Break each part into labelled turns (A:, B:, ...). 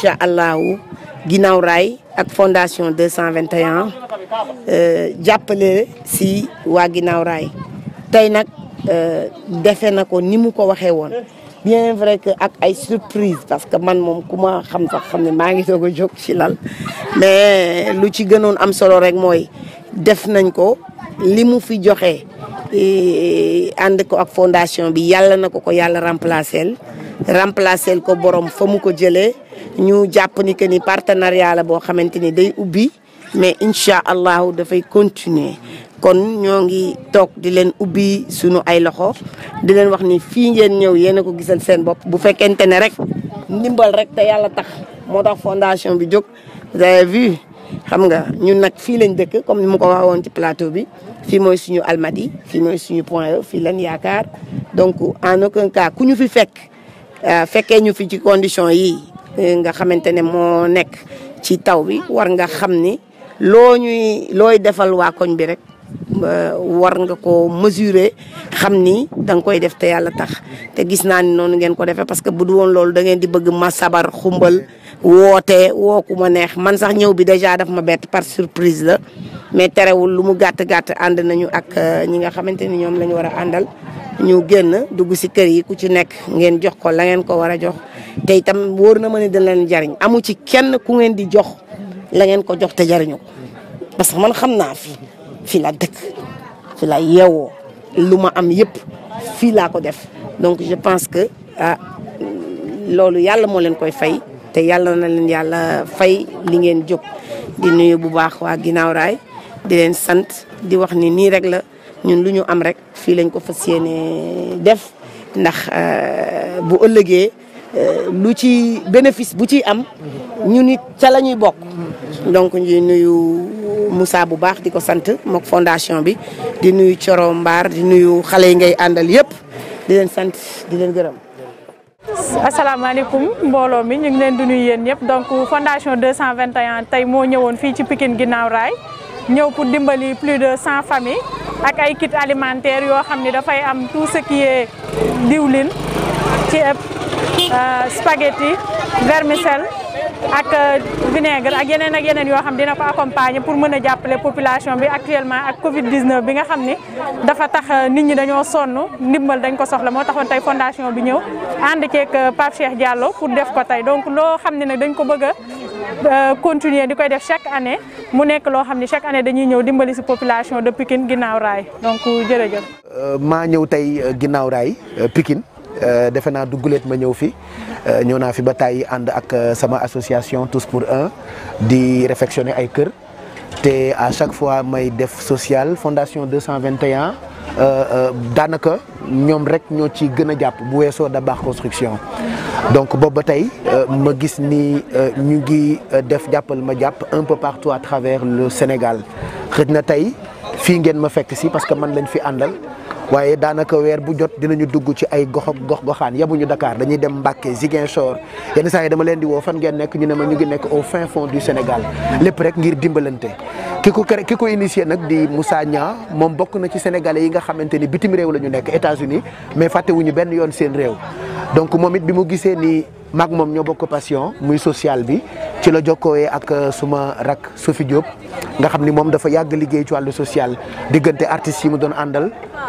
A: incha allahu ginnaaw raay ak fondation 221 euh, jàppale si waa ginnaaw raay tey nag euh, defe na ko ni ko waxee woon bien vrai que ak ay surprise parce que man mom kouma xam sax xam ma ngi doog a ci lal mais lu ci gënon am solo rek moy def nañ ko li mu fi joxe ànd ko ak fondation bi yàlla na ko ko yàlla remplacel remplacel ko borom fa mu ko jëlee ñu jàpp ni que ni partenariat la boo xamante ni day ubbi mais incha allahu dafay continuer kon ñoo ngi toog di leen ubbi sunu ay loxo di leen wax ni fii ngeen ñëw yéen a ko gisal seen bopp bu fekkente ne rek ndimbal rek te yàlla tax moo tax fondation bi jóg vous avez vu xam nga ñu nag fii lañ dëkk comme ni mu ko woon ci plateau bi fii mooy suñu Almadies fii mooy suñu Point E fii lañ yaakaar donc en aucun cas ku ñu fi fekk euh, fekkee ñu fi ci condition yi euh, nga xamante ne moo nekk ci taw bi war nga xam ni loo ñuy looy defal waa koñ bi rek euh, war nga ko mesurer xam ni da koy def te yàlla tax te gis naa ni noonu ngeen ko defe parce que bu du woon loolu dangeen di bëgg ma sabar xumbal woote woo ma neex man sax ñëw bi dèjà daf ma bett par surprise la mais terewul lu mu gàtt gàtt ànd nañu ak euh, ñi nga xamante ni ñoom la ñu war a àndal ñu génn dugg si kër yi ku ci nekk ngeen jox ko la ngeen ko war a jox te itam wóor na ma ne dina leen jariñ amu ci kenn ku ngeen di jox la ngeen ko jox te jariñu ko parce que man xam naa fii fii la dëkk fii la yeewoo lu ma am yëpp fii laa ko def donc je pense que ah loolu yàlla moo leen koy fay te yàlla na leen yàlla fay li ngeen jóg di nuyu bu baax waa ginnaaw di leen sant di wax ni nii rek la ñun lu ñu am rek fii lañ ko fas yéene def ndax euh, bu ëllëgee euh, lu ci bénéfice bu ci am ñu nit ca la ñuy bokk donc ñuy nuyu Moussa bu baax di ko sant mook fondation bi di nuyu Coro Mbaar di nuyu xale yi ngay àndal yëpp di leen sant di leen gërëm
B: asalaamaaleykum mbooloo mi ñu ngi leen di nuyu yéen ñëpp donc fondation 221 tey moo ñëwoon fii ci pikin ginnaaw ñëw pour dimbali plus de 100 familles ak ay kits alimentaires yoo xam ni dafay am tout ce qui ci diwlin ceeb euh, spaghetti vermicelle ak euh, vinaigre ak yeneen ak yeneen yoo xam dina ko accompagner pour mën a jàppale population bi actuellement ak covid 19 bi nga xam ni dafa tax euh, nit ñi dañoo sonn ndimbal dañ ko soxla moo taxoon tey fondation bi ñëw ànd ceeg euh, pape cheikh diallo pour def ko tey donc loo xam ne nag dañ ko bëgg continuer di def chaque année mu nekk loo xam ne chaque année dañuy ñëw dimbali si population de pikine ginnaaw raay donc jërëjëf
C: maa ñëw tey ginnaaw raay pikine Euh, defe naa du guléet ma ñëw fi bataille euh, en fi ba tàyyi ak euh, sama association tous pour un di réflexionner ay kër te à chaque fois may def social fondation 221 daanaka nous rek ñoo ci gën a jàpp bu sur da baax construction donc bon bataille, tey ma gis ni ñu ngi def jàppal ma un peu partout à travers le Sénégal xëj na tey ngeen ma fekk si parce que man lañ fi andal waye danaka wer bu jot dinañu dugg ci ay gox ak gox goxaan yabuñu dakar dañuy dem mbacke zigen sor yeen say dama len di wo fan ngeen nek ñu ne ma ñu ngi nek au fin fond du senegal lepp rek ngir dimbalante kiko kiko initier nak di Moussa Nia mom bokku na ci sénégalais yi nga xamanteni bitim rew lañu nek états-unis mais faté wuñu ben yoon seen rew donc momit bi mu gisé ni mag mom ño bokk passion muy social bi ci la jokkowé ak euh, suma rak Sofi Diop nga xamni mom dafa yag liggéey ci walu social digënté artiste yi mu doon andal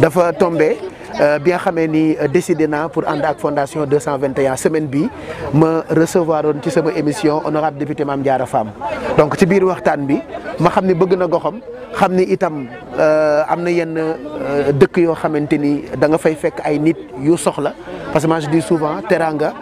C: dafa tombé euh, bi nga xamee ni euh, décidé na pour ànd ak fondation 221 semaine bi ma recevoir ci sama émission honorable député mam Diarra Fam donc ci biir waxtan bi ma xamni ni bëgg na goxam xamni itam euh, am na yenn dëkk yo xamanteni da nga fay fekk ay nit yu soxla parce que moi je dis souvent Teranga,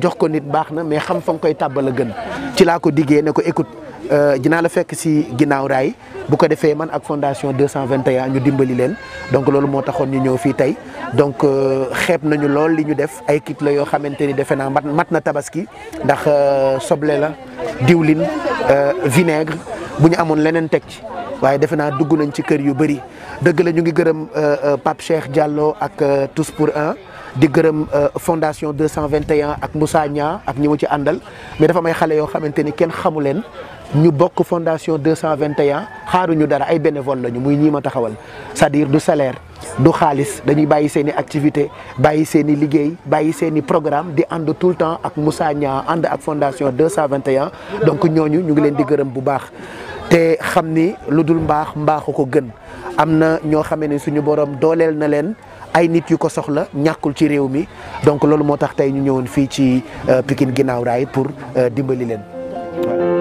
C: jox ko nit baxna mais xam fa nga koy tàbbal gën ci la ko diggé ne ko écoute euh, dinaa la fekk ci ginaaw ray bu ko defé man ak fondation 221 ñu dimbali leen donc loolu mo taxone ñu ñëw fi tay donc euh, xép nañu lool li ñu def ay kit la yoo xamante ni defe mat na tabaski ndax euh, soble la diwlin vinaigre bu amone lenen tek ci waaye defé na dugg nañ ci kër yu bëri deug la ñu ngi gëreum Pape Cheikh Diallo ak tous pour un di gërëm fondation 221 ak Moussa Nia ak ñi mu ci àndal mais dafa may xale yoo xamante ni kenn xamu ñu bokk fondation 221 xaaruñu dara ay bénévole lañu muy ñii ma taxawal cest diir dire du salaire du xaalis dañuy bàyyi seen i activité bàyyi seen i liggéey bàyyi seen i programme di ànd tout le temps ak Moussa Niang ànd ak fondation 221 donc ñooñu ñu ngi leen di gërëm bu baax te xam ni lu dul mbaax mbaaxu ko gën am na ñoo xamee ne suñu borom dooleel na leen ay nit yu ko soxla ñàkkul ci réew mi donc loolu moo tax tey ñu ñëwoon fii ci euh, pikin ginnaaw raay pour euh, dimbali leen